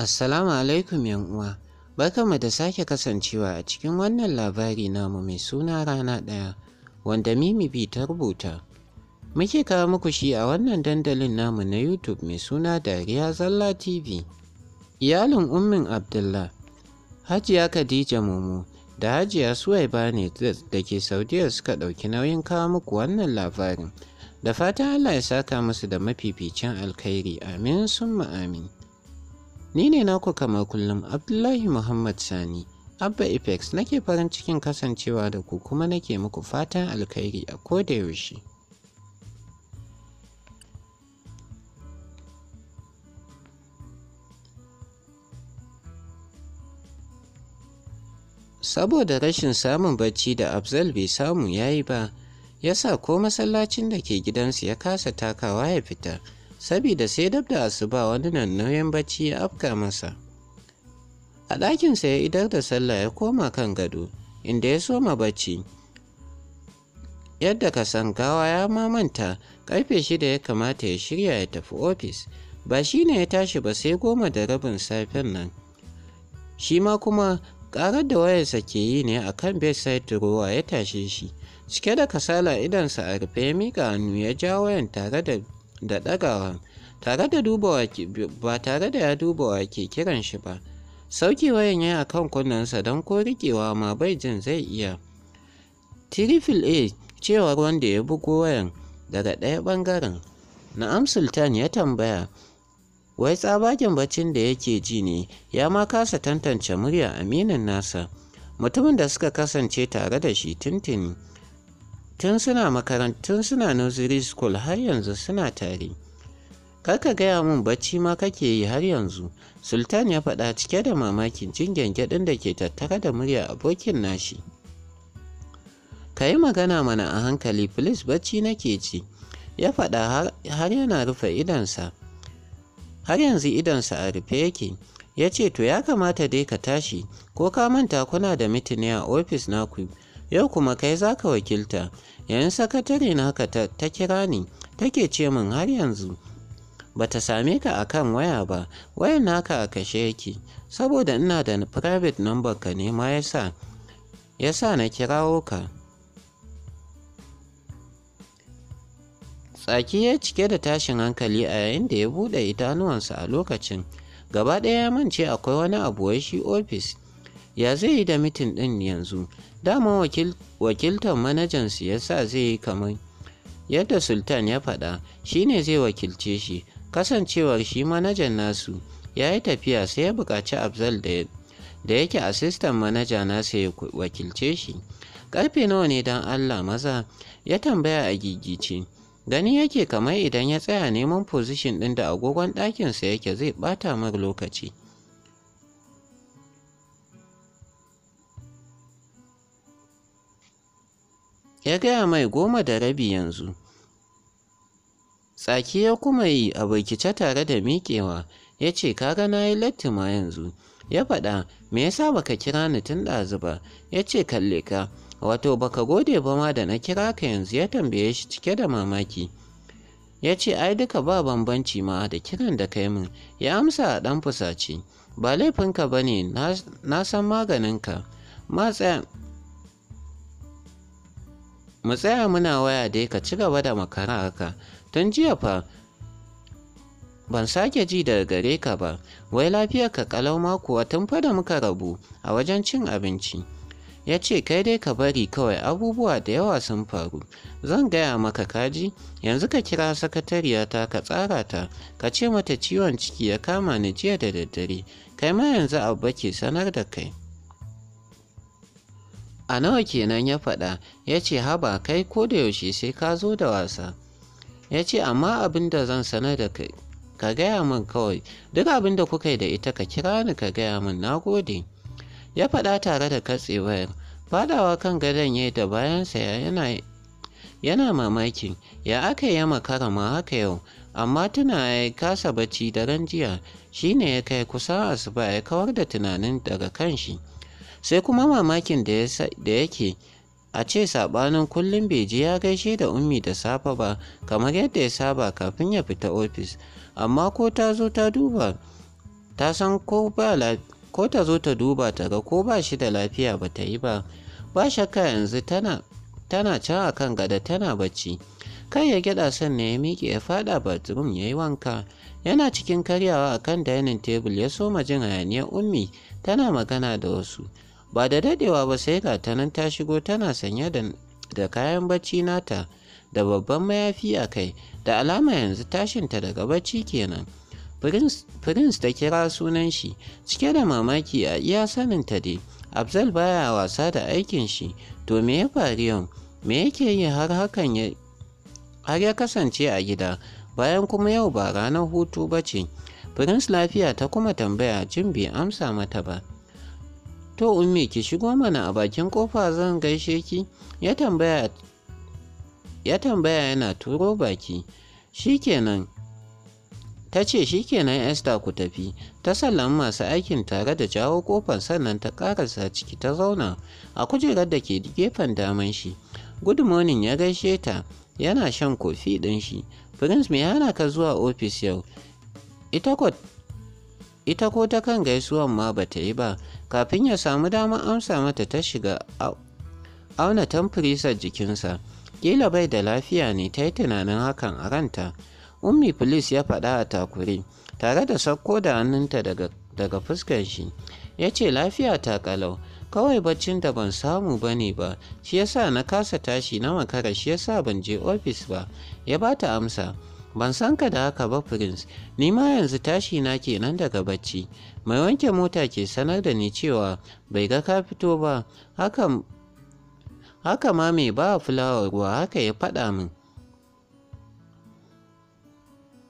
Assalamu alaikum uwa. Barkanmu da sake kasancewa a cikin wannan labari namu mai suna rana ɗaya wanda Mimi bi ta rubuta. Muke kawo muku shi a wannan dandalin namu na YouTube mai suna Dariya Zalla TV. Iyalin Ummin Abdullah, Hajiya Khadija Momo da Hajiya Suwaiba ne da ke Saudiya suka ɗauki nauyin kawo muku wannan labarin. Da fatan Allah ya saka musu da mafificin alkhairi amin summa amin. Ni ne naku kamar kullum Abdullahi Muhammad Sani. Abba Effects nake farin cikin kasancewa da ku kuma nake muku fatan alkhairi a koda yaushe. Saboda rashin samun bacci da abzal bai samu ya yi ba, ya sa ko masallacin da ke gidansu ya kasa takawa ya fita. Sabida sai dab da asuba wani nan nauyin bacci ya afka masa a ɗakinsa ya idar da sallah ya koma kan gado inda ya soma bacci yadda ka san gawa ya mamanta karfe shida ya kamata ya shirya ya tafi ofis ba shi ne ya tashi ba sai goma da rabin safen nan shi ma kuma ƙarar da wayarsa ke yi ne a kan bedside ruwa ya tashe shi cike da kasala idansa a rufe ya miƙa hannu ya ja wayan tare da da ɗagawa ba tare da ya duba wa ke kiran shi ba sauki wayan ya a kan kunnensa don ko rikewa ma bai jin zai iya tirifil a cewar wanda ya bugo wayan daga ɗaya ɓangaren na'am sultan ya tambaya wai tsabagen baccin da yake ji ne ya ma kasa tantance murya aminin nasa mutumin da suka kasance tare da shi tuntuni tun suna makarantun suna nursery school har yanzu suna tare kar ka gaya min bacci ma kake yi har yanzu sultan ya faɗa cike da mamakin jin gyangyaɗin da ke tattara da murya abokin nashi ka yi magana mana a hankali please bacci nake ci ya faɗa har yana rufe idansa har yanzu idansa a rufe yake ya ce to ya kamata dai ka tashi ko ka manta kuna da mitin a ofis naku yau kuma kai za ka wakilta yayin sakatare naka ta kira ni take ce min har yanzu Ba ta same ka a kan waya ba wayan naka a kashe yake saboda ina da private number ka ne ma yasa yasa na kirawo ka tsaki ya cike da tashin hankali a yayin da ya buɗe idanuwansa a lokacin gaba ɗaya ya mance akwai wani abu shi ofis ya zai yi da mitin ɗin yanzu dama wakiltar manajansu ya sa zai yi kamar yadda sultan ya faɗa ne zai wakilce shi kasancewar shi manajan nasu ya yi tafiya sai ya buƙaci abzal da yake asistan manaja nasa ya wakilce shi ƙarfe nawa ne don allah maza ya tambaya a gigice gani yake kamar idan ya tsaya neman position ɗin da agogon ɗakinsa yake zai ɓata mar lokaci ya gaya mai goma da rabi yanzu tsaki ya kuma yi a bikice tare da miƙewa ya ce kaga na yi latti ma yanzu ya faɗa me yasa baka kira ni tun ɗazu ba ya ce kalle ka wato baka gode ba ma da na kira ka yanzu ya tambaye shi cike da mamaki ya ce ai duka ba bambanci ma da kiran da kai min ya amsa a ɗan fusace ba laifinka ba ne na san maganinka mu tsaya muna waya dai ka ci gaba da makara haka tun jiya fa ban sake ji daga gare ka ba wai lafiyar ka kalau ma kuwa tun fa da muka rabu a wajen cin abinci ya ce kai dai ka bari kawai abubuwa da yawa sun faru zan gaya maka kaji yanzu ka kira sakatariyata ka tsara ta ka ce mata ciwon ciki ya kama ni jiya da daddare kai ma yanzu abba ke sanar da kai a nawa kenan ya faɗa ya ce haba kai ko da yaushe sai ka zo da wasa ya ce amma abin da zan sanar da kai ka gaya min kawai duk abin da kuka yi da ita ka kira ni ka gaya min na gode ya faɗa tare da katse wayar fadawa kan gadon ya da bayansa yana yana mamaki ya aka yi makara ma haka yau amma tuna ya kasa bacci daren jiya shine ya kai kusa asuba ya kawar da tunanin daga kan shi sai kuma mamakin da yake a ce saɓanin kullum bai je ya gaishe da ummi da safa ba kamar yadda ya saba kafin ya fita ofis amma ko ta zo ta duba ta san ko ta zo ta duba ta ga ko ba shi da lafiya ba ta yi ba ba shakka yanzu tana tana can a kan gada tana bacci kai ya gyaɗa na ya miƙe ya faɗa bathroom ya yi wanka yana cikin karyawa a kan dining table ya soma jin hayaniyar ummi tana magana da wasu ba da dadewa ba sai ga ta nan ta shigo tana sanye da kayan bacci nata da babban mayafi a kai da alama yanzu tashinta daga bacci kenan prince ta kira sunan shi cike da mamaki a iya saninta dai abzal baya wasa da aikin shi to me ya faru yau me yake yi har hakan ya har ya kasance a gida bayan kuma yau ba ranar hutu ba ce prince lafiya ta kuma tambaya jin bai amsa mata ba To ummi ki shigo mana a bakin kofa zan gaishe ki? Ya tambaya ya tambaya yana turo baki. Shikenan ta ce shikenan Esther ku tafi ta sallami masu aikin tare da jawo kofar sannan ta karasa ciki ta zauna a kujerar da ke gefen daman shi good morning ya gaishe ta yana shan kofi ɗin shi prince me yana ka zuwa ofis yau ita kwa ita ko ta kan gaisuwan ma ba ta yi ba kafin ya samu damar amsa mata ta shiga auna tamfurisar jikinsa kila bai da lafiya ne ta yi tunanin hakan a ranta ummi filis ya faɗa a takure tare da sakko da hannunta daga, daga shi ya ce lafiya ta kalau kawai baccin da ban samu ba ne ba shi yasa na kasa tashi na makara shi yasa ban je ofis ba ya ba ta amsa Ban san ka da haka ba Prince, ni ma yanzu tashi na nan daga bacci. Mai wanke mota ke sanar da ni cewa bai ga ka fito ba, haka, ma mai ba fulawar ruwa haka ya faɗa min.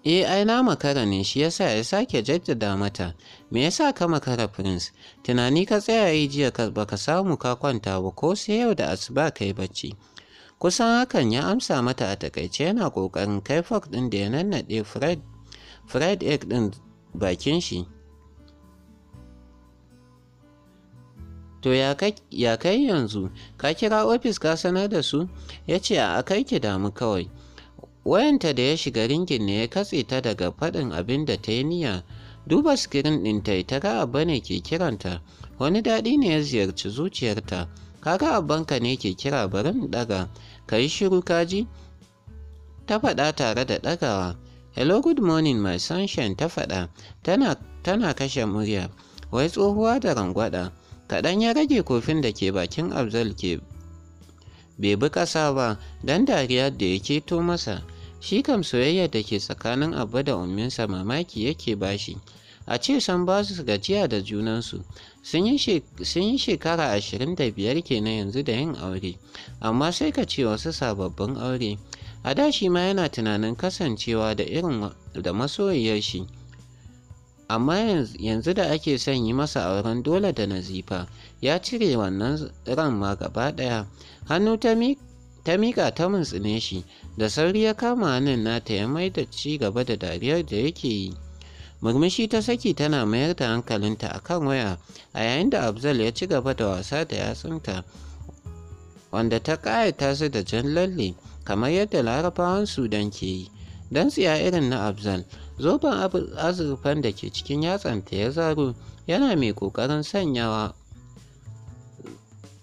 E ai na makara ne shi yasa ya sake jaddada mata. Me yasa ka makara Prince? Tunani ka tsaya yi jiya ka baka samu ka kwanta ba ko sai yau da asuba kai bacci. kusan hakan ya amsa mata a takaice yana ƙoƙarin kai fok ɗin da ya nannaɗe fred fried egg ɗin bakin shi to ya kai yanzu ka kira ofis ka sanar da su ya ce a kai ki damu kawai wayanta da ya shiga ringin ne ya katse ta daga faɗin abin da ta yi niyya duba sikirin ɗin ta ta ga abba ne ke kiranta wani daɗi ne ya ziyarci zuciyarta kaga abbanka ne ke kira barin? daga ɗaga ka yi shiru kaji ta faɗa tare da ɗagawa hello good morning my sunshine ta faɗa tana, kashe murya wai tsohuwa da rangwada kaɗan ya rage kofin da ke bakin abzal ke bai bi ƙasa ba don dariya da ya keto masa shi kam soyayya da ke tsakanin abba da umminsa mamaki yake bashi a ce san ba su gajiya da junansu sun yi shekara biyar kenan yanzu da yin aure amma sai ka ce wasu sababbin aure a da shi ma yana tunanin kasancewa da irin da masoyiyar shi amma yanzu da ake son yi masa auren dole da nazifa ya cire wannan ran ma gaba ɗaya hannu ta miƙa ta mintsine shi da sauri ya kama hannun nata ya mai da ci gaba da dariyar da yake yi murmushi ta saki tana mayar da hankalinta a kan waya a yayin da abzal ya ci gaba da wasa da yatsunta wanda ta ƙayata su da jan lalle kamar yadda larabawan sudan ke yi don tsiya irin na abzal zoben azurfan da ke cikin yatsanta ya zaro yana mai ƙoƙarin sanyawa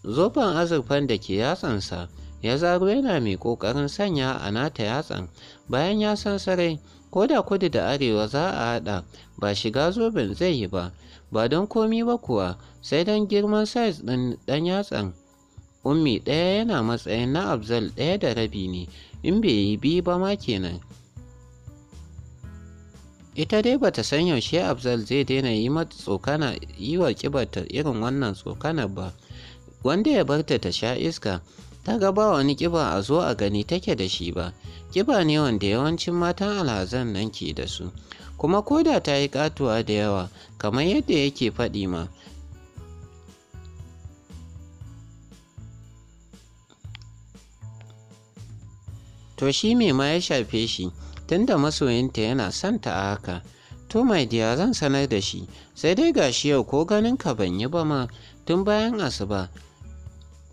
zoben azurfan da ke yatsansa ya zaro yana mai ƙoƙarin sanya a nata yatsan bayan ya san sarai ko da kudu da arewa za a haɗa ba shiga zoben zai yi ba ba don komi ba kuwa sai don girman size ɗin ɗan yatsan ummi ɗaya yana matsayin na abzal ɗaya da rabi ne in bai yi biyu ba ma kenan ita dai bata san yaushe abzal zai daina yi mata tsokana yi wa kibarta irin wannan tsokanar ba wanda ya barta ta sha iska ta ga ba wani kiba a zo a gani take da shi ba ƙiba ne wanda yawancin matan alhazan nan ke da su kuma koda ta yi ƙatuwa da yawa kamar yadda yake faɗi ma to shi me ma ya shafe shi tunda masoyinta yana son ta a haka to mai diya zan sanar da shi sai dai gashi yau ko ganin ka ban yi ba ma tun bayan asuba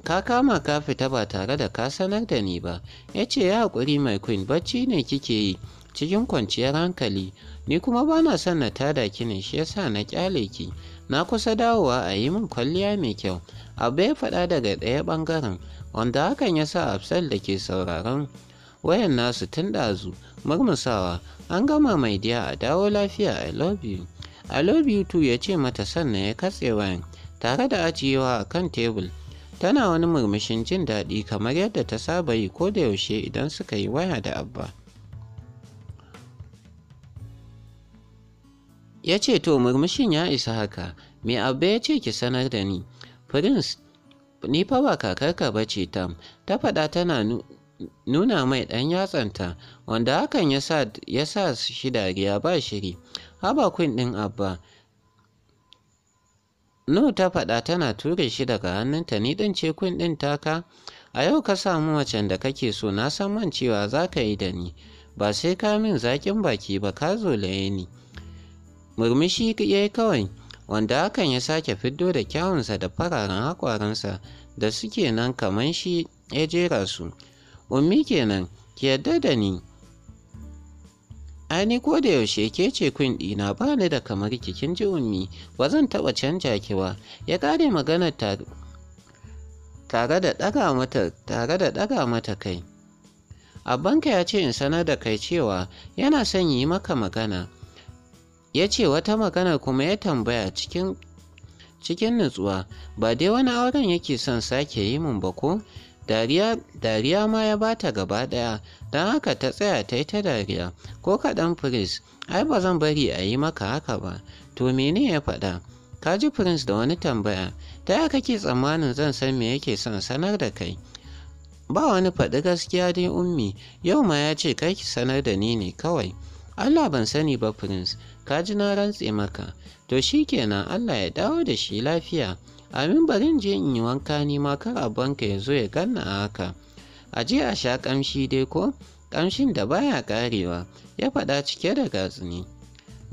ka kama ka fita ba tare da ka sanar da ni ba ya ce ya haƙuri mai queen bacci ne kike yi cikin kwanciyar hankali ni kuma ba na son na tada ki ne shi yasa na kyale ki na kusa dawowa a yi min kwalliya mai kyau abu ya faɗa daga ɗaya ɓangaren wanda hakan ya sa afsal da ke sauraron wayan nasu tun ɗazu murmusawa an gama mai diya a dawo lafiya i love you i love ya ce mata sannan ya katse wayan tare da ajiyewa a kan tebul Tana wani murmushin jin daɗi kamar yadda ta saba yi ko da yaushe idan suka yi waya da Abba. Ya ce to murmushin ya isa haka, me Abba ya ce ki sanar da ni. Firins ni fa ba kakarka ba ce tam, ta faɗa tana nuna mai ɗan yatsanta wanda hakan ya sa shi dariya ba shiri haba kwin ɗin abba No ta faɗa tana ture shi daga hannunta ni ɗin ce kun ɗin taka a yau ka samu macen da kake so na san man cewa za ka yi da ni ba sai ka min zaƙin baki ba ka zolaye ni murmushi ya yi kawai wanda hakan ya sake fiddo da kyawunsa da fararen haƙwaransa da suke nan kamar shi ya jera su ummi kenan ki yarda da ni Ai ko da yaushe ke ce queen ɗina ba ni da kamar kikin ji ummi ba zan taɓa canja ki ba ya kare magana tare da ɗaga mata tare da ɗaga mata kai. Abbanka ya ce in sanar da kai cewa yana son yi maka magana. Ya ce wata magana kuma ya tambaya cikin cikin nutsuwa ba dai wani auren yake son sake yi mun ba ko dariya ma ya bata gaba ɗaya don haka ta tsaya ta yi ta dariya ko kaɗan prince ai ba zan bari a yi maka haka ba to mene ya faɗa ka ji prince da wani tambaya ta ya kake tsammanin zan san me yake son sanar da kai ba wani faɗi gaskiya dai ummi yau ma ya ce kai ki sanar da ni ne kawai allah ban sani ba prince ka ji na rantse maka to shi kenan allah ya dawo da shi lafiya Amin bari je in yi wanka ni ma kar banka ya zo ya ganna a haka. A je a sha kamshi dai ko? kamshin da baya karewa? ya faɗa cike da gatsini.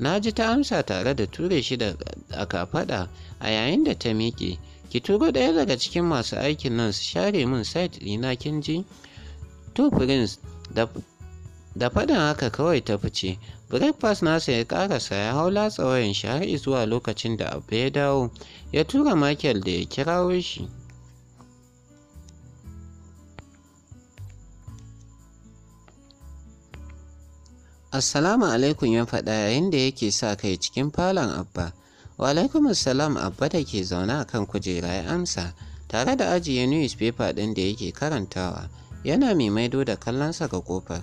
Na ji ta amsa tare da ture shi da a kafaɗa a yayin da ta miƙe. Ki turo ɗaya daga cikin masu aikin nan su share min site ɗina kin ji? To Prince da da faɗin haka kawai ta fice breakfast nasa ya ƙara saya hau latsawayen shi har zuwa lokacin da abu ya dawo ya tura michael da ya kirawo shi assalamu alaikum ya faɗa yayin da yake sa kai cikin falon abba walaikum assalam abba da ke zaune a kan kujera ya amsa tare da ajiye newspaper ɗin da yake karantawa yana mai maido da kallonsa ga kofar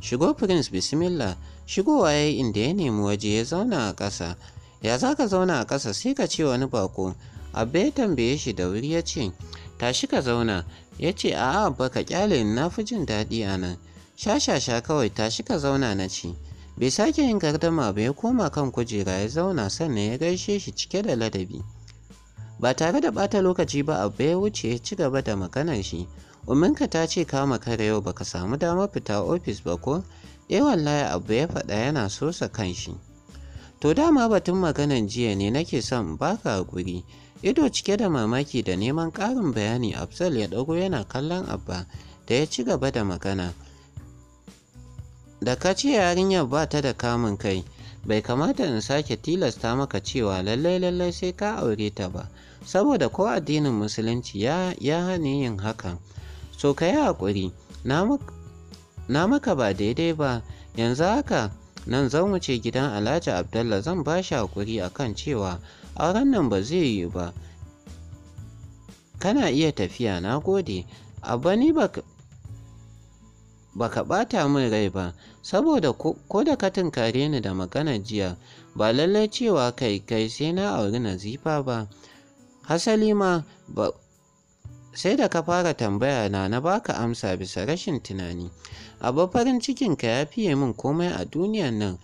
shigo prince bismillah shigowa ya inda ya nemi waje ya zauna a ƙasa ya za ka zauna a ƙasa sai ka ce wani bako abba ya tambaye shi da wuri ya ce tashi ka zauna ya ce a ba ka kyale na fi jin daɗi a nan shashasha kawai tashi ka zauna na ci bai sake yin gardama ba ya koma kan kujera ya zauna sannan ya gaishe shi cike da ladabi ba tare da ɓata lokaci ba abba ya wuce ya ci gaba da maganar shi Uminka ta ce kama kare yau baka samu damar fita ofis ba ko? Eh wallahi abu ya faɗa yana sosa kanshi. To dama batun maganan jiya ne nake son baka guri. Ido cike da mamaki da neman ƙarin bayani Absal ya ɗago yana kallon Abba da ya ci gaba da magana. Da ka ce yarinyar ba ta da kamun kai, bai kamata in sake tilasta maka cewa lallai lallai sai ka aure ta ba, saboda ko addinin musulunci ya, ya hane yin hakan. so ka yi haƙuri na maka ba daidai ba yanzu haka nan zan wuce gidan alhaji abdallah zan ba shi haƙuri a kan cewa auren nan ba zai yi ba kana iya tafiya na gode abba ni ba ka ɓata min rai ba saboda ko da ka tunkare ni da magana jiya ba lallai cewa kai kai sai na auri nazifa ba hasali ma sai da ka fara tambaya na na baka amsa bisa rashin tunani abu farin cikinka ya fiye min komai a duniyan nan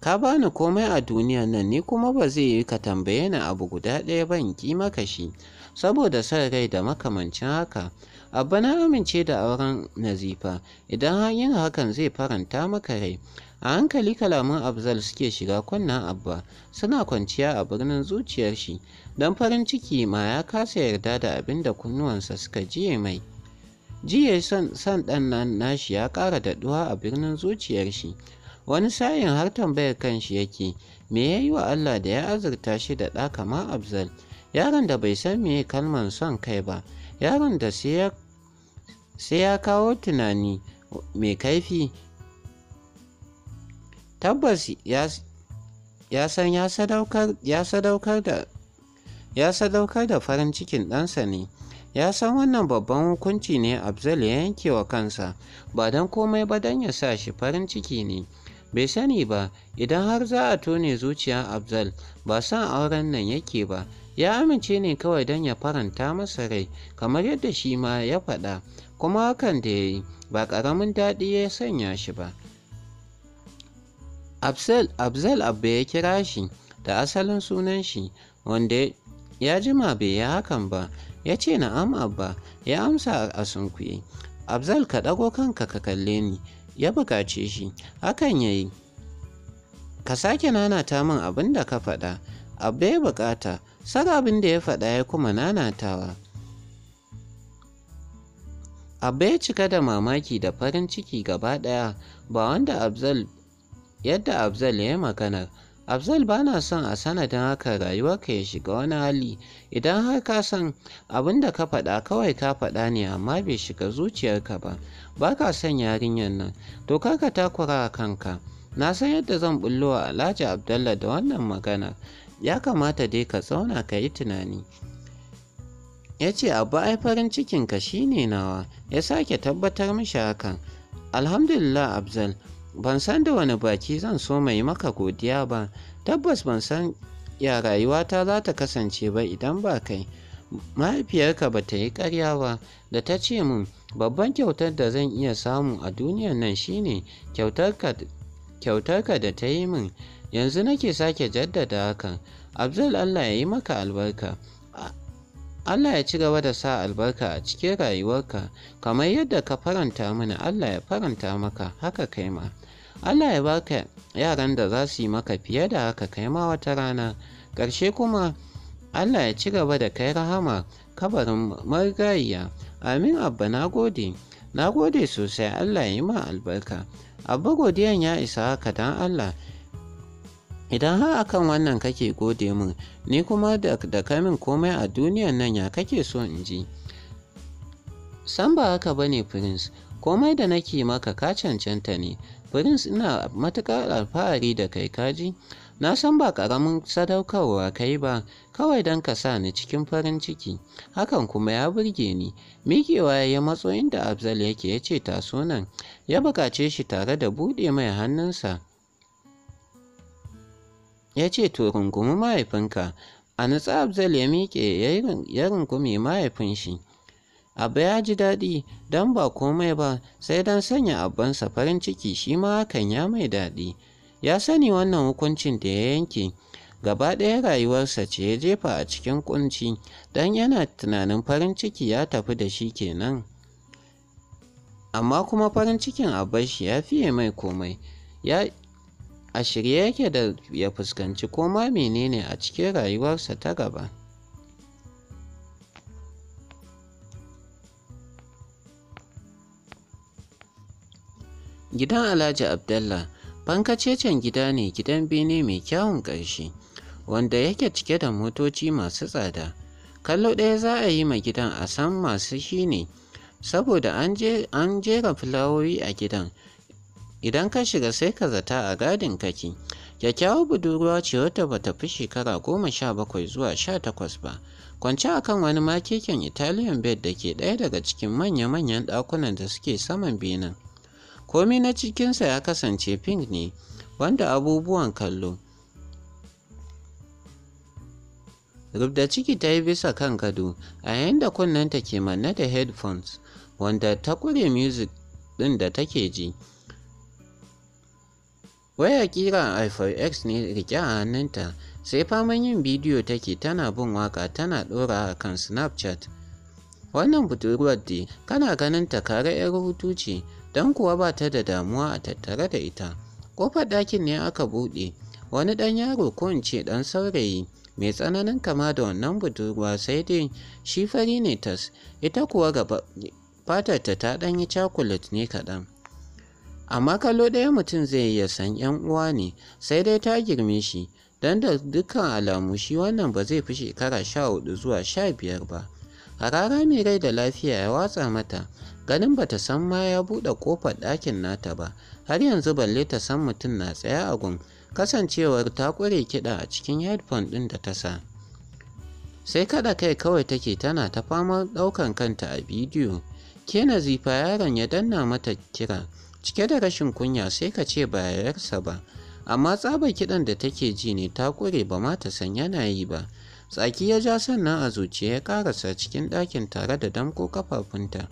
ka bani komai a duniyan nan ni kuma ba zai yi ka tambaye ni abu guda ɗaya ban ki maka shi saboda son rai da makamancin haka abba na amince da auren nazifa idan har yin hakan zai faranta maka rai a hankali kalaman abzal suke shiga kunnen abba suna kwanciya a birnin zuciyar shi don farin ciki ma ya kasa yarda da abin da kunnuwansa suka jiye mai jiye san ɗan nan nashi ya ƙara daɗuwa a birnin zuciyar shi wani sayin har tambayar kanshi yake me ya yi wa allah da ya azurta shi da ɗa kama abzal yaron da bai san me kalman son kai ba Yaron da sai ya kawo tunani mai kaifi tabbas ya san ya sadaukar da farin cikin ɗansa ne ya san wannan babban hukunci ne abzal ya yanke wa kansa ba don komai ba don ya sa shi farin ciki ne bai sani ba idan har za a tone zuciya abzal ba san auren nan yake ba ya amince ne kawai don ya faranta masa rai kamar yadda shi ma ya faɗa kuma hakan da ya yi ba ƙaramin daɗi ya sanya shi ba abzal abba ya kira shi da asalin sunan shi wanda ya jima bai yi hakan ba ya ce na'am abba ya amsa a sunkuye abzal ka ɗago kanka ka kalle ni ya buƙace shi hakan ya yi ka sake nanata min abin da ka faɗa abba ya buƙata saka abin da ya faɗa ya kuma nanatawa abu ya cika da mamaki da farin ciki gaba ɗaya ba wanda abzal yadda abzal ya yi magana abzal ba na son a sanadin haka rayuwarka ya shiga wani hali idan har ka san abin da ka faɗa kawai ka faɗa ne amma bai shiga zuciyarka ba ba ka son yarinyar nan to kar ka takura a kanka na san yadda zan bullo wa alhaji abdallah da wannan magana ya kamata dai ka zauna ka yi tunani ya ce abu ai farin cikinka shine nawa ya sake tabbatar mishi hakan alhamdulillah abzal ban san da wani baki zan so mai maka godiya ba tabbas ban san ya rayuwata za ta kasance ba idan ba kai mahaifiyarka ba ta yi karya ba da ta ce min babban kyautar da zan iya samu a duniyar nan shine kyautarka da ta yi min yanzu nake sake jaddada hakan abdul allah ya yi maka albarka Allah ya ci gaba da sa albarka a cikin rayuwarka kamar yadda ka faranta mana Allah ya faranta maka haka kai ma Allah ya baka yaran da za su yi maka fiye da haka kai ma wata rana ƙarshe kuma Allah ya ci gaba da kai rahama kabarin marigayya amin abba na gode na gode sosai Allah ya yi ma albarka abba godiyan ya isa haka don Allah idan har akan wannan kake gode min ni kuma da ka min komai a duniyan nan ya kake so in ji san ba haka ba ne prince komai da nake maka ka cancanta ne prince ina matuƙar alfahari da kai kaji na san ba ƙaramin sadaukarwa kai ba kawai don ka sa ni cikin farin ciki hakan kuma ya burge ni miƙewa ya matso inda abzal yake ya ce ta sunan ya buƙace shi tare da buɗe mai hannunsa ya ce to rungumi mahaifinka a natsa abzal ya miƙe ya rungumi mahaifin shi abu ya ji daɗi don ba komai ba sai don sanya abbansa farin ciki shi ma hakan ya mai daɗi ya sani wannan hukuncin da ya yanke gaba ɗaya rayuwarsa ce ya jefa a cikin ƙunci, don yana tunanin farin ciki ya tafi da shi kenan amma kuma farin cikin shi ya fiye mai komai a shirye yake da ya fuskanci koma menene a cikin rayuwarsa ta gaba. Gidan Alhaji Abdallah fankacecen gida ne gidan bene mai kyawun ƙarshe wanda yake cike da motoci masu tsada. Kallo ɗaya za a yi ma gidan a san masu shi ne saboda an jera fulawoyi a gidan idan ka shiga sai ka zata a gadin kake kyakkyawar budurwa ce wata bata fi shekara goma sha bakwai zuwa sha takwas ba kwance a kan wani makeken italian bed da ke ɗaya daga cikin manya-manyan ɗakunan da suke saman benin komi na cikinsa ya kasance pink ne wanda abubuwan kallo rubda ciki ta yi bisa kan gado a yayin da kunnenta ke manne da headphones wanda ta kure music ɗin da take ji waya hakika iphone x ne rike a hannunta sai faman yin bidiyo take tana bin waka tana ɗora a kan snapchat wannan budurwar dai kana ganin ta kare 'yar hutu ce don kuwa ba ta da damuwa a tattare da ita kofar ɗakin ne aka buɗe wani ɗan yaro ko in ce ɗan saurayi mai tsananin kama da wannan budurwa sai dai shi fari ne tas ita kuwa gaba fatarta ta ɗan yi cakulet ne kaɗan Amma kallo ɗaya mutum zai iya san 'yan uwa ne sai dai ta girme shi don da dukkan alamu shi wannan ba zai fi shekara sha hudu zuwa sha biyar ba. Harara mai rai da lafiya ya watsa mata ganin ba ta san ma ya buɗe ƙofar ɗakin nata ba har yanzu balle ta san mutum na tsaye a gun kasancewar ta ƙure kiɗa a cikin headphone ɗin da ta sa. sai kaɗa kai kawai take tana ta famar ɗaukan kanta a bidiyo ke nazifa yaron ya danna mata kira cike da rashin kunya sai ka ce ba yayarsa ba amma tsabar kiɗan da take ji ne ta kure ba ma ta san yana yi ba tsaki ya ja sannan a zuciya ya karasa cikin ɗakin tare da damko kafafunta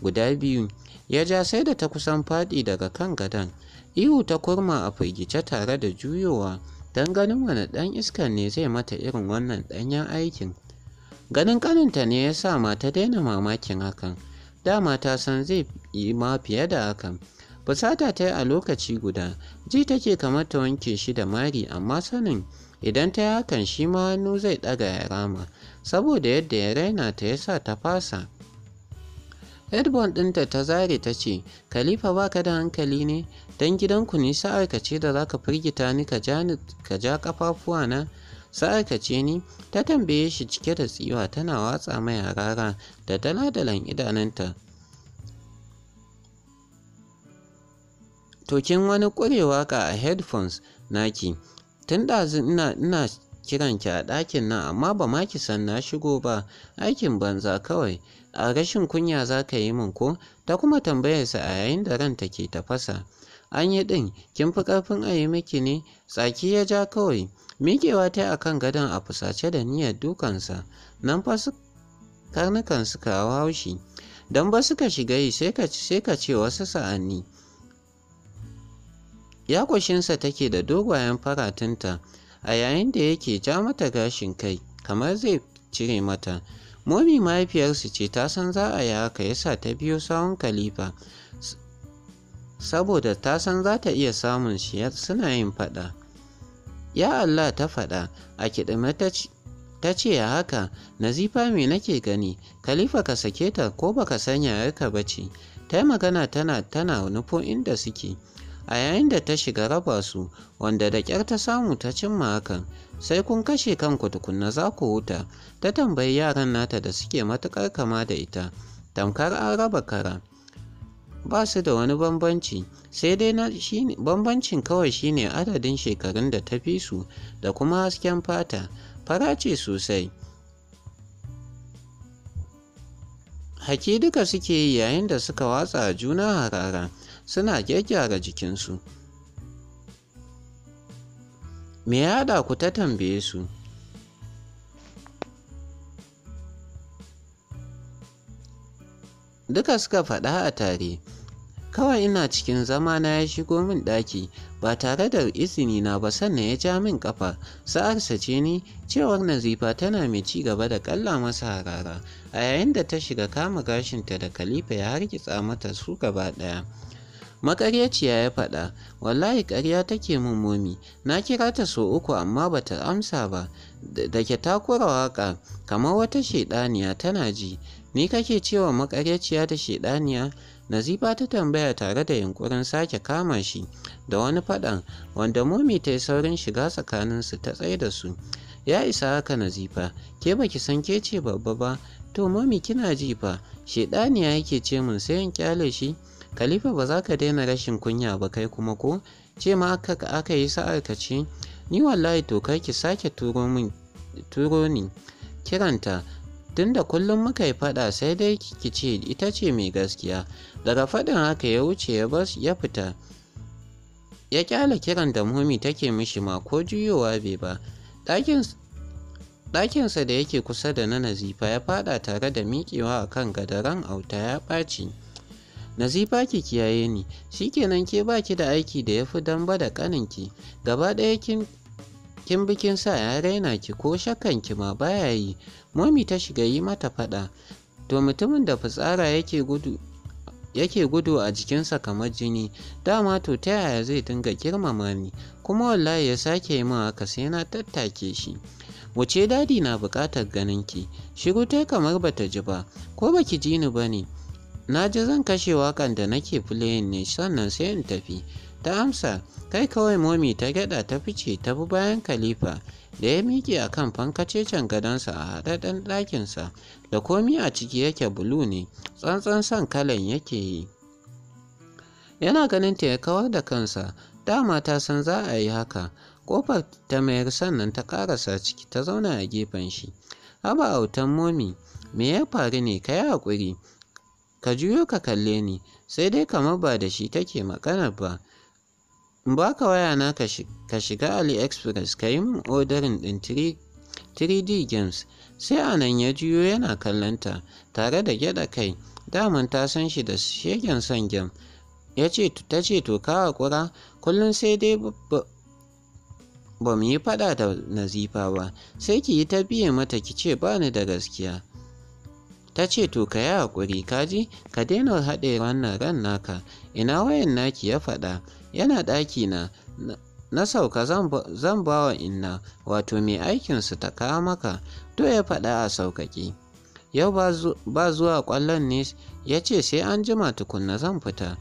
guda biyu ya ja sai da ta kusan faɗi daga kan gadon ihu ta kurma a firgice tare da juyowa don ganin wani ɗan iskar ne zai mata irin wannan ɗanyen aikin ganin kaninta ne ya sa ma ta daina mamakin hakan dama ta san zai yi ma fiye da hakan Fusata ta yi a lokaci guda, ji take kamar ta wanke shi da mari amma sanin idan ta yi hakan shi ma hannu zai ɗaga ya rama, saboda yadda ya raina ta ya sa ta fasa. Edbon ɗinta ta zare ta ce, Khalifa ba ka da hankali ne, don gidanku ne sa'arka ce da za ka firgita ni ka ja na? Sa'arka ce ni, ta tambaye shi cike da tsiwa tana watsa mai harara da dala-dalan idanunta. To kin wani ƙurewa ka a headphones naki, tun ɗazu ina kiran ki a ɗakin nan amma ba ma ki san na shigo ba, aikin banza kawai, a rashin kunya za ka yi min ko? Ta kuma sa a yayin da ranta ke tafasa. An yi ɗin, kin fi ƙarfin a yi miki ne? Tsaki ya ja kawai, miƙewa ta a kan gadon a fusace da niyyar dukansa, nan fa su karnukan suka haushi. Don ba suka shiga yi sai ka ce wasu sa'anni. Yakushinsa take da dogayen faratunta a yayin da yake ja mata gashin kai kamar zai cire mata. Momi mahaifiyarsu ce ta san za a yi haka yasa ta biyo sawun Khalifa saboda ta san za ta iya samun shi suna yin faɗa. Ya Allah ta faɗa a kiɗime ta ce a haka nazifa me nake gani Khalifa ka sake ta ko baka san yayarka ba ce. Ta magana tana tana nufo inda suke. a yayin da ta shiga raba su wanda da ƙyar ta samu ta cimma hakan sai kun kashe kanku tukunna za ku huta ta tambayi yaran nata da suke matuƙar kama da ita tamkar an raba kara ba su da wani bambanci sai dai bambancin kawai shine adadin shekarun da ta fi su da kuma hasken fata fara ce sosai haki duka suke yi yayin da suka watsa juna harara suna gyaggyara jikinsu me ya da ku ta tambaye su duka suka faɗa a tare kawai ina cikin zama na ya shigo min ɗaki ba tare da izini na ba sannan ya ja min ƙafa sa'arsa ce ni cewar nazifa tana mai ci gaba da ƙalla masa harara a yayin da ta shiga kama gashinta da kalifa ya hargitsa mata su gaba ɗaya makaryaciya ya faɗa wallahi ƙarya take min momi na kira ta so uku amma bata amsa ba da ke takura waƙa kamar wata shaidaniya tana ji ni kake cewa makaryaciya da shaiɗaniya Nazifa ta tambaya tare da yunkurin sake kama shi da wani faɗan wanda momi ta yi saurin shiga tsakanin su ta tsaye da su. Ya isa haka Nazifa, ke baki san ke ce babba ba, to momi kina ji fa, shaidaniya yake ce mun sai in kyale shi. Khalifa ba za ka daina rashin kunya ba kai kuma ko? Ce ma aka yi sa'ar ka ce, ni wallahi to kai ki sake turo ni kiranta tunda kullum muka yi fada sai dai ki ce ita ce mai gaskiya daga fadin haka ya wuce ya bas ya fita ya kyala kiran da mumi take mishi ma ko juyowa bai ba ɗakinsa da yake kusa da na nazifa ya fada tare da miƙewa a kan gadaran auta ya ɓaci Nazifa ki kiyaye ni, shi kenan ke ba ki da aiki da ya fi dambe da ki? gaba ɗaya kin bikin sa ya raina ki ko shakkan ki ma baya yi, momi ta shiga yi mata faɗa, to mutumin da fitsara yake gudu gudu a jikinsa kamar jini dama to ta yaya zai dinga girmama ni kuma wallahi ya sake yi min haka sai na tattake shi Wace dadi na bukatar ganin ki shiru tai kamar bata ji ba ko baki ji ni bane Na ji zan kashe wakan da nake playing ne sannan sai in tafi. Ta amsa, kai kawai momi ta gyada ta fice ta bi bayan Khalifa da ya miƙe a kan fankacecen gadonsa a haɗaɗɗen ɗakinsa da komi a ciki yake bulu ne, tsantsan son kalan yake yi. Yana ganin ta ya kawar da kansa, dama ta san za a yi haka, ƙofar ta mayar sannan ta ƙarasa ciki ta zauna a gefen shi. Haba autan momi, me ya faru ne ka yi haƙuri? Ka juyo ka kalle ni, sai dai kamar ba da shi take maganar ba. In ba ka waya na ka shiga AliExpress ka yi min odarin ɗin 3D Games. Sai a nan ya juyo yana kallonta tare da gyaɗa kai, daman ta san shi da shegen son gem. Ya ce ta ce to ka haƙura, kullum sai dai ba mu yi faɗa da nazifa ba, sai ki yi ta biye mata ki ce ba ni da gaskiya. ta ce to ka yi haƙuri ji ka daina haɗe wannan ran naka ina wayan naki ya faɗa yana ɗaki na na sauka zan ba wa inna wato mai aikinsu ta kawo maka to ya faɗa a sauƙaƙe yau ba zuwa ƙwallon ne ya ce sai an jima tukunna zan fita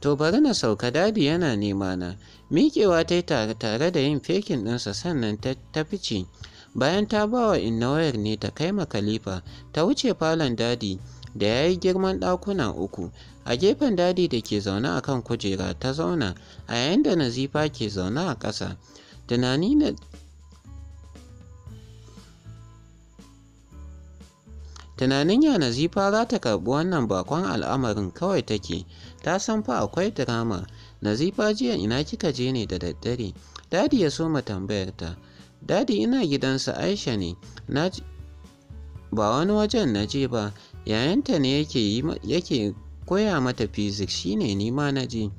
to bari na sauka dadi yana nema na miƙewa ta yi tare da yin fekin ɗinsa sannan ta fice bayan ta ba wa inna wayar ne ta kai ma khalifa ta wuce falon dadi da ya yi girman ɗakuna uku a gefen dadi da ke zaune a kan kujera ta zauna a yayin da nazifa ke zaune a ƙasa tunanin ya nazifa za ta karɓi wannan bakon al'amarin kawai take ta san fa akwai drama nazifa jiya ina kika je ne da daddare dadi ya so soma tambayar ta Dadi ina gidansa Aisha ne, ba wani wajen na je ba, yayanta ne yake koya mata physics shine ne ni ma na je.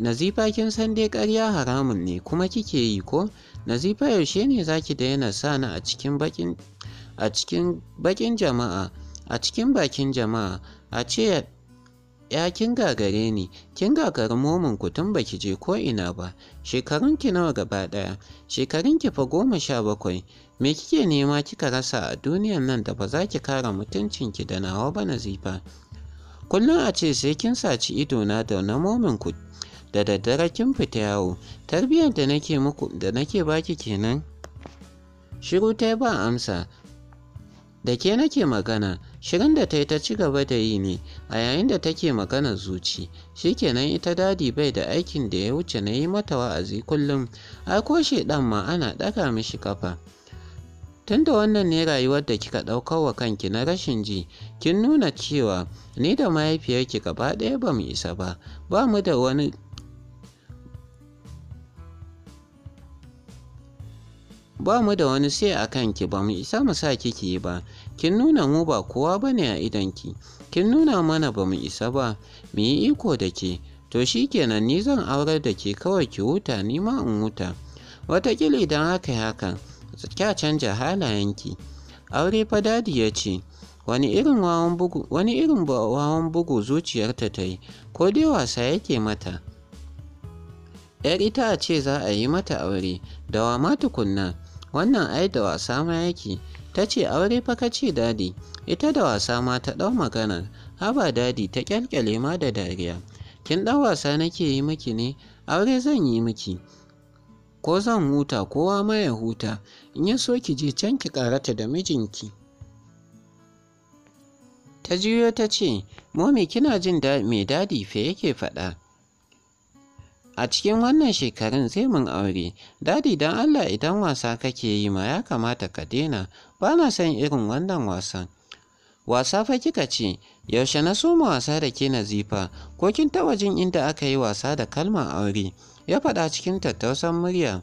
Nazifa kin san dai ƙarya haramun ne kuma kike yi ko? Nazifa yaushe ne za ki daina sa na a cikin bakin jama'a a cikin bakin jama'a a ce Ya kin gagare ni, kin gagari momin ku tun baki je ko ina ba, shekarunki nawa gaba ɗaya, shekarunki fa goma sha bakwai, me kike nema kika rasa a duniyan nan da ba za ki kara mutuncin ki da nawa ba nazifa. Kullum a ce sai kin saci idona da na momin ku da daddare kin fita yawo, tarbiyyar da nake muku baki kenan. Shiru ta ba amsa, da ke nake magana shirin da ta yi ta ci gaba da yi ne a yayin da take maganar zuci shikenan ita dadi bai da aikin da ya wuce na yi mata wa'azi kullum ai ko 'dan ma ana daga mishi kafa da wannan ne rayuwar da kika ɗaukar wa kanki na rashin ji kin nuna cewa ni da mahaifiyarki gaba ɗaya ba mu isa ba ba mu da wani Ba mu da wani sai a kanki ba mu isa mu sa ki ki ba, kin nuna mu ba kowa ba ne a ki. kin nuna mana ba mu isa ba, mu yi iko da ke, to shi kenan ni zan aurar da ke kawai ki huta ni ma in huta. Wataƙila idan haka haka kya canja halayenki. Aure fa dadi ya ce, wani irin wawan bugu zuciyarta ta yi ko dai wasa yake mata yar ita a ce za a yi mata aure da wa ma tukunna wannan ai da wasa ma yake ta ce aure fa ka ce dadi ita da wasa ma ta ɗau maganar haba dadi ta kyalkyale ma da dariya kin ɗan wasa nake yi miki ne aure zan yi miki ko zan huta kowa ma ya huta in ya so ki je can ki ƙarata da mijinki ta juyo ta ce momi kina jin da mai dadi fa yake faɗa A cikin wannan shekarun sai mun aure, dadi don Allah idan wasa kake yi ma ya kamata ka daina, ba na son irin wannan wasan. Wasa fa kika ce, yaushe na soma wasa da ke nazifa, ko kin taɓa jin inda aka yi wasa da kalmar aure, ya faɗa cikin tattausan murya.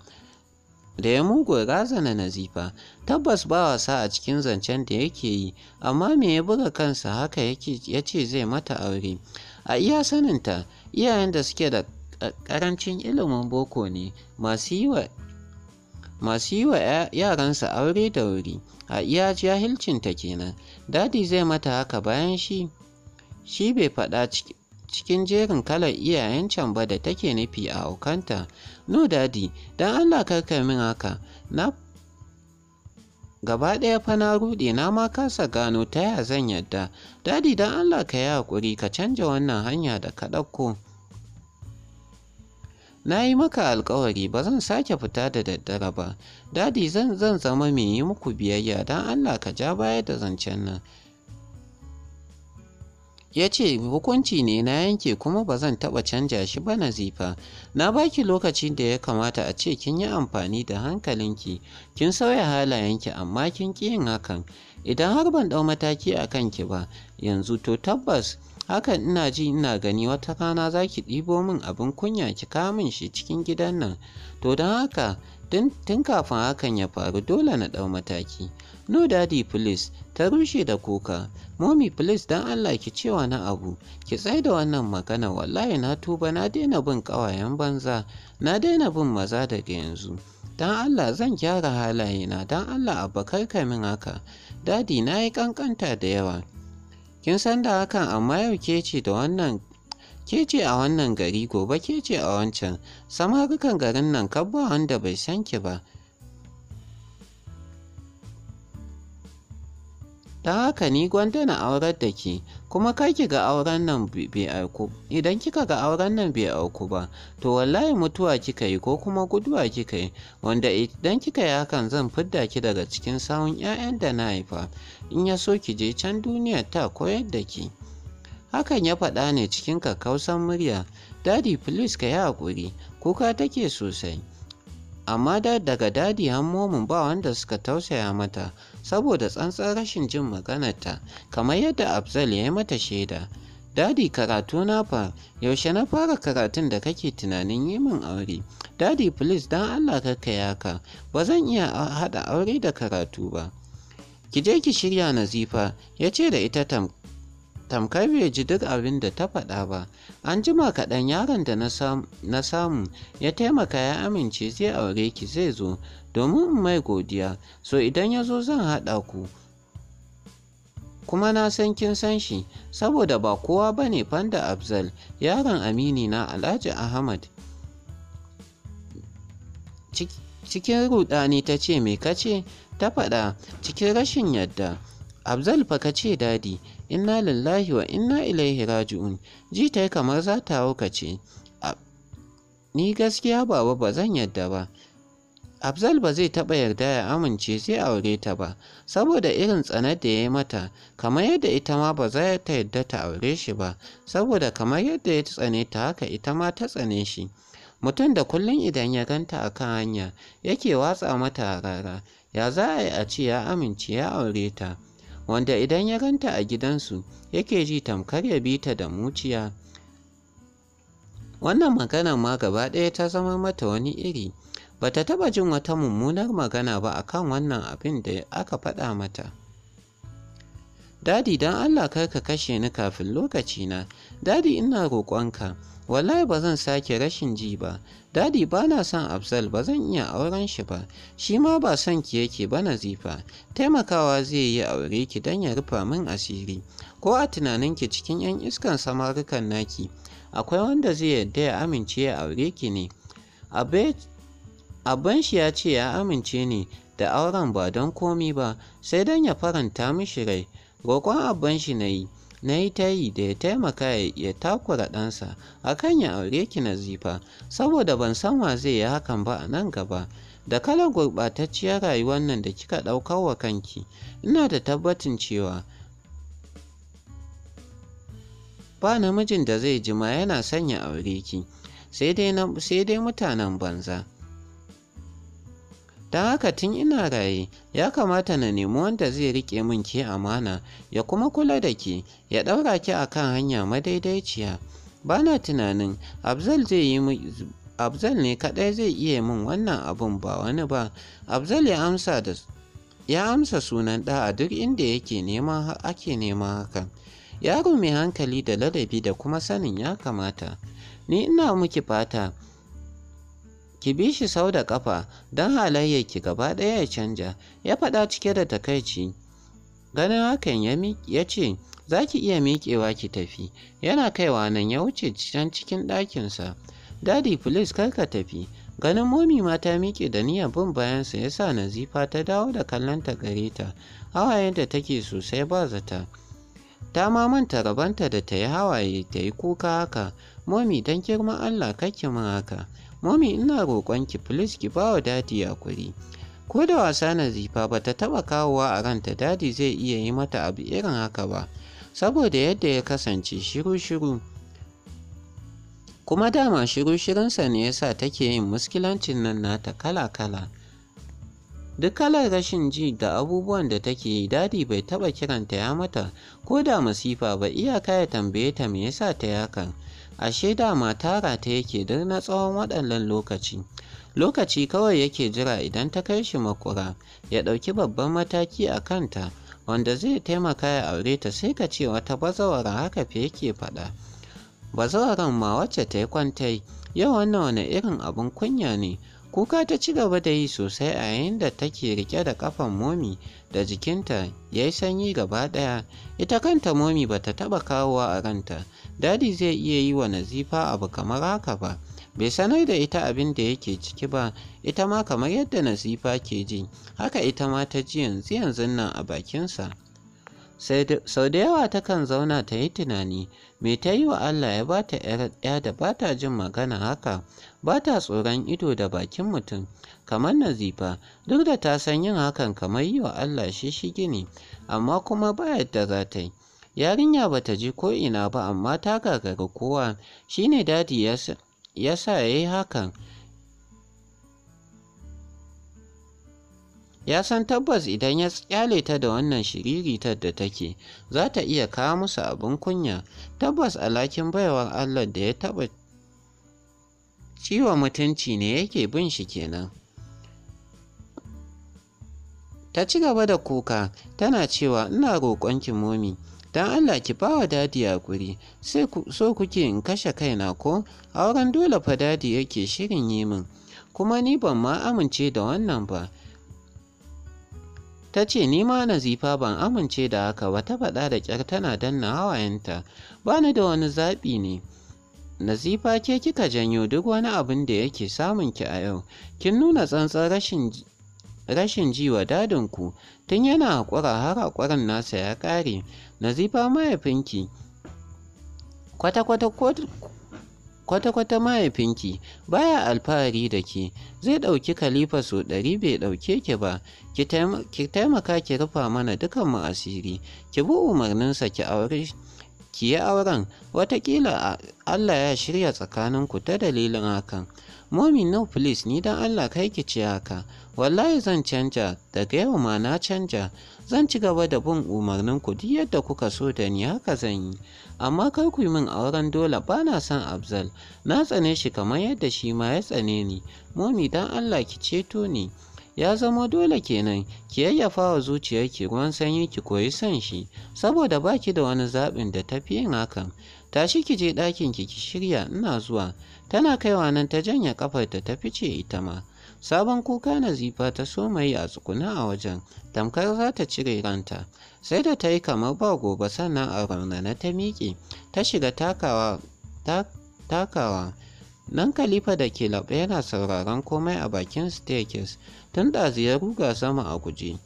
Da ya mugu razana nazifa, tabbas ba wasa a cikin zancen da yake yi, amma me ya buga kansa haka ya ce zai mata aure. A iya saninta, iyayen da suke da ƙarancin ilimin boko ne masu yi wa yaransa aure da wuri a iya jahilcinta kenan dadi zai mata haka bayan shi shi bai faɗa cikin jerin kalar iyayen can ba da take nufi a aukanta no dadi don allah karka min haka na gaba ɗaya fa na ruɗe na ma kasa gano ta ya zan yadda dadi don allah ka yi haƙuri ka canja wannan hanya da ka ɗauko na yi maka alkawari ba zan sake fita da daddare ba dadi zan zan zama mai yi muku biyayya don allah ka ja baya da zancen nan ya ce hukunci ne na yanke kuma ba zan taɓa canja shi ba nazifa na baki lokacin da ya kamata a ce kin yi amfani da hankalinki kin sauya halayenki amma kin ƙi yin hakan idan har ban ɗau mataki a kanki ba yanzu to tabbas Hakan ina ji ina gani wata rana za ki ɗibo min abin kunya ki kawo min shi cikin gidan nan. To don haka tun kafin hakan ya faru dole na ɗau mataki. No daddy please ta rushe da kuka. Mommy please don Allah ki ce wani abu. Ki tsai da wannan magana wallahi na tuba na daina bin ƙawayen banza. Na daina bin maza daga yanzu. Don Allah zan gyara halayena don Allah abba karka min haka. Dadi na yi ƙanƙanta da yawa. Kin san da hakan amma yau ke ce da wannan ke ce a wannan gari gobe ke ce a wancan samarukan garin nan kabba wanda bai san ki ba. ta haka ni gwanda na aurar da ke kuma kai ki ga auren nan bai auku idan kika ga auren nan bai auku ba to wallahi mutuwa kika yi ko kuma guduwa kika yi wanda idan kika yi hakan zan fidda ki daga cikin sawun 'ya'yan da na haifa in ya so ki je can duniya ta koyar da ki hakan ya faɗa ne cikin kakkausan murya dadi please ka yi haƙuri kuka take sosai amma daga dadi hammomin ba wanda suka tausaya mata saboda tsantsar rashin jin maganarta kamar yadda Afzal ya yi mata shaida. Dadi karatu na fa yaushe na fara karatun da kake tunanin yi min aure. Dadi please don Allah kakka yaka ba zan iya hada aure da karatu ba. Ki je ki shirya nazifa ya ce da ita tamkar bai ji duk abin da ta faɗa ba an jima kaɗan yaron da na samu ya taimaka ya amince zai aure ki zai zo domin in mai godiya so idan ya zo zan haɗa ku kuma na san kin san shi saboda ba kowa ba ne fanda abzal yaron amini na alhaji ahmad cikin rudani ta ce me kace ta faɗa cikin rashin yadda abzal fa kace dadi inna lillahi wa inna ilaihi raji'un ji ta kamar za ta ce. ni gaskiya baba ba zan yadda ba Abzal ba zai taɓa yarda ya amince zai aure ta ba, saboda irin tsanar da ya yi mata, kamar yadda ita ma ba za ta yarda ta aure shi ba, saboda kamar yadda ya tsane ta haka ita ma ta tsane shi. Mutum da kullum idan ya ganta a kan hanya, yake watsa mata rara, ya za a yi a ce ya amince ya aure ta. wanda idan ya ganta a gidansu yake ji tamkar ya bita da muciya wannan maganar ma gaba ɗaya ta zama mata wani iri Ba ta taɓa jin wata mummunar magana ba akan wannan abin da aka faɗa mata Dadi dan Allah kar ka kashe ni kafin lokaci na. Dadi ina roƙonka. Wallahi ba zan sake rashin ji ba. Dadi ba na son Afzal ba zan iya auren shi ba. Shi ma ba son ki yake ba Nazifa. Taimakawa zai yi aure ki dan ya rufa min asiri. Ko a tunanin ki cikin 'yan iskan samarukan naki. Akwai wanda zai yarda ya amince ya aure ki ne. Abban shi ya ce ya amince ni, da auren ba don komi ba sai don ya faranta mishi rai. roƙon abbanshi shi yi na yi ta yi da ya taimaka ya takura ɗansa a kan ya aure ki nazifa saboda ban san wa zai yi hakan ba a nan gaba da kalar gurɓatacciyar rayuwar nan da kika ɗaukar wa kanki ina da tabbacin cewa ba namijin da zai jima yana sanya aure ki sai dai mutanen banza don haka tun ina raye ya kamata na nemi wanda zai riƙe min ke amana ya kuma kula da ke ya ɗaura ki a kan hanya madaidaiciya ba na tunanin abzal ne kaɗai zai iya min wannan abun ba wani ba abzal ya amsa da ya amsa sunan ɗa a duk inda yake nema ake nema hakan yaro mai hankali da ladabi da kuma sanin ya kamata ni ina muki fata ki bi shi sau da ƙafa don ki gaba ɗaya ya canja ya faɗa cike da takaici ganin hakan ya ce za ki iya miƙewa ki tafi yana kaiwa nan ya wuce can cikin ɗakinsa dadi please kar ka tafi ganin momi ma ta miƙe da niyyar bin bayansa ya sa nazifa ta dawo da kallon ta gare ta da take sosai ba zata ta ma manta rabanta da ta yi hawaye ta yi kuka haka momi don girman allah ki min haka Mummy ina roƙonki please ki bawa dadi hakuri. Ko da wasa Nazifa ba ta taɓa kawowa a ranta dadi zai iya yi mata abu irin haka ba, saboda yadda ya kasance shiru-shiru. Kuma dama shiru-shirunsa ne yasa take yin muskilancin nan nata kala-kala. Duk kalar rashin ji da abubuwan da take yi dadi bai taɓa kiranta ya mata ko da masifa ba iyaka ya tambaye ta me yasa ta yakan ashe dama tara ta yake duk na tsawon waɗannan lokaci lokaci kawai yake jira idan ta kai shi makura ya ɗauki babban mataki a kanta wanda zai taimaka ya aure ta sai ka ce wata bazawara haka fi yake faɗa bazawaran ma wacce ta yi kwantai yau wannan wani irin abin kunya ne kuka ta ci gaba da yi sosai a yayin da take rike da kafan momi da jikinta ya yi sanyi gaba ɗaya ita kanta momi ba ta taɓa kawowa a ranta dadi zai iya yi wa nazifa abu kamar haka ba bai sanar da ita abin da yake ciki ba ita ma kamar yadda nazifa ke ji haka ita ma ta ji yanzu yanzu nan a bakinsa sau da yawa takan zauna ta yi tunani me ta yi wa allah ya ba ta ya da ba ta jin magana haka ba ta tsoron ido da bakin mutum kamar nazifa duk da ta san yin hakan kamar yi wa allah shi shi gini amma kuma ba yadda za ta yi Yarinya ba ta je ko'ina ba amma ta gagari kowa shi ne dadi ya sa ya yi hakan. Ya san tabbas idan ya tsyale ta da wannan shiriritar da take, za ta iya kawo musu abin kunya, tabbas alhakin baiwar Allah da ya taba ciwon mutunci ne yake bin shi kenan. Ta ci gaba da kuka, tana cewa ina roƙonki momi, don Allah ki ba wa dadi hakuri sai so kuke in kashe kaina ko auren dole fa dadi yake shirin yi min kuma ni ban ma amince da wannan ba ta ce ni ma nazifa ban amince da haka ba ta faɗa da ƙyar tana danna hawayenta ba ni da wani zaɓi ne nazifa ke kika janyo duk wani abin da yake samun ki a yau kin nuna tsantsan rashin rashin ji wa dadinku tun yana haƙura har haƙurin nasa ya ƙare Nazifa mahaifinki kwata-kwata mahaifinki baya alfahari da ke zai ɗauki khalifa so ɗari bai ɗauke ki ba ki taimaka ki rufa mana mu asiri ki bi umarninsa ki aure ki yi auren watakila Allah ya shirya tsakaninku ta dalilin hakan Momin no please ni dan Allah kai ki ce haka. Wallahi zan canja daga yau ma na canja. Zan ci gaba da bin umarnin ku duk yadda kuka so da ni haka zan yi. Amma kar ku yi min auren dole ba na son Abzal. Na tsane shi kamar yadda shi ma ya tsane ni. Momin dan Allah ki ceto ni. ya zama dole kenan ki yayyafa wa zuciyarki ruwan sanyi ki koyi son shi saboda baki da wani zaɓin da tafi yin hakan tashi ki je ɗakin ki ki shirya ina zuwa tana kaiwa nan ta janya kafarta ta fice ita ma sabon kuka nazifa ta soma yi a tsukuna a wajen tamkar za ta cire ranta sai da ta yi kamar ba gobe sannan a raunana ta miƙe ta shiga takawa takawa nan kalifa da ke laɓe yana sauraron komai a bakin staircase tun ɗaziyar ziyar ruga sama a guje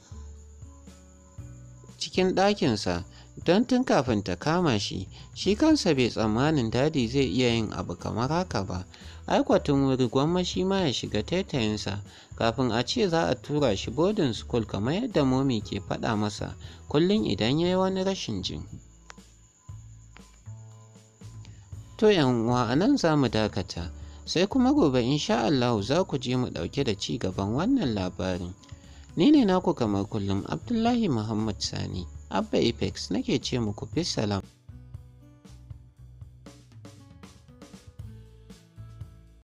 cikin ɗakinsa don tun kafin ta kama shi shi kansa bai tsammanin dadi zai iya yin abu kamar haka ba aikwatin wuri gwamma shi ma ya shiga taitayinsa kafin a ce za a tura shi bodin school kamar yadda momi ke faɗa masa kullum idan ya yi wani rashin jin to 'yan uwa a nan za mu dakata sai kuma gobe insha Allahu za ku je mu ɗauke da ci gaban wannan labarin ni ne naku kamar kullum abdullahi muhammad sani Abba Apex nake ce muku, Peace salam.